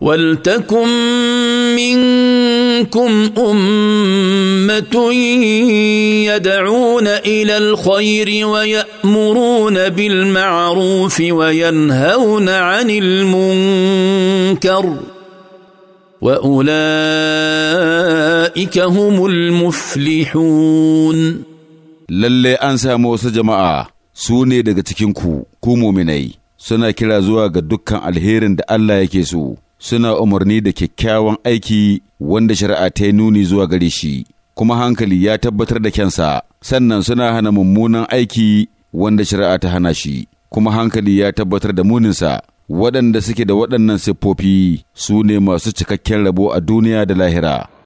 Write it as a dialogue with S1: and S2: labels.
S1: ولتكن منكم امه يدعون الى الخير ويامرون بالمعروف وينهون عن المنكر
S2: واولئك هم
S3: المفلحون للي انسى موسى جماعه سوني دغتكنكو كومو مني سنا كلا زوا دكان الهيرن الله يكيسو suna umarni da kyakkyawan aiki wanda shari'a ta yi nuni zuwa gare shi, kuma hankali ya tabbatar da kyansa, sannan suna hana mummunan aiki wanda shari'a ta hana shi, kuma hankali ya tabbatar da muninsa. Waɗanda suke da waɗannan siffofi su ne masu cikakken rabo a duniya da lahira.